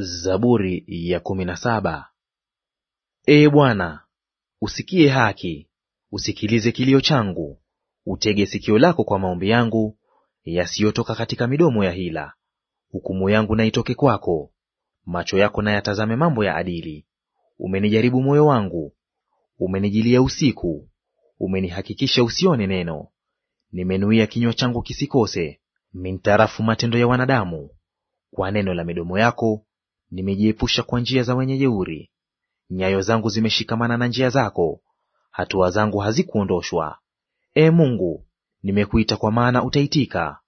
Zaburi ya kumi na saba. Ee Bwana, usikie haki, usikilize kilio changu, utege sikio lako kwa maombi yangu yasiyotoka katika midomo ya hila. Hukumu yangu na itoke kwako, macho yako na yatazame mambo ya adili. Umenijaribu moyo wangu, umenijilia usiku, umenihakikisha usione neno. Nimenuia kinywa changu kisikose mintarafu matendo ya wanadamu, kwa neno la midomo yako nimejiepusha kwa njia za wenye jeuri. Nyayo zangu zimeshikamana na njia zako, hatua zangu hazikuondoshwa. e Mungu, nimekuita kwa maana utaitika;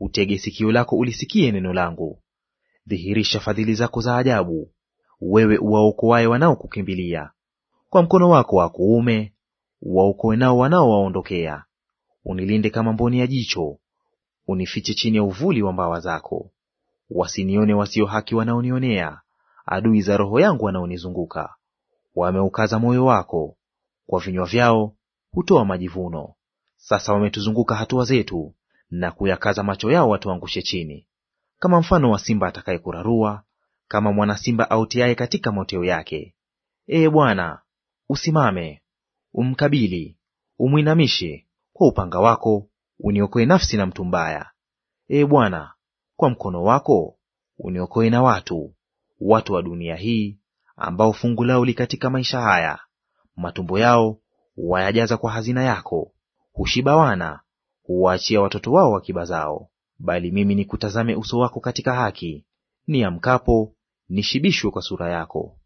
utege sikio lako ulisikie neno langu. Dhihirisha fadhili zako za ajabu, wewe uwaokoaye wanaokukimbilia. Kwa mkono wako wa kuume uwaokoe nao wanaowaondokea. Unilinde kama mboni ya jicho, unifiche chini ya uvuli wa mbawa zako. Wasinione wasio haki wanaonionea, adui za roho yangu wanaonizunguka. Wameukaza moyo wako, kwa vinywa vyao hutoa majivuno. Sasa wametuzunguka hatua zetu, na kuyakaza macho yao watuangushe chini. Kama mfano wa simba atakayekurarua, kama mwana simba autiaye katika moteo yake. Ee Bwana, usimame, umkabili, umwinamishe; kwa upanga wako uniokoe nafsi na mtu mbaya. Ee Bwana, kwa mkono wako uniokoe na watu, watu wa dunia hii, ambao fungu lao li katika maisha haya, matumbo yao wayajaza kwa hazina yako. Hushiba wana, huwaachia watoto wao akiba zao. Bali mimi nikutazame uso wako katika haki, niamkapo nishibishwe kwa sura yako.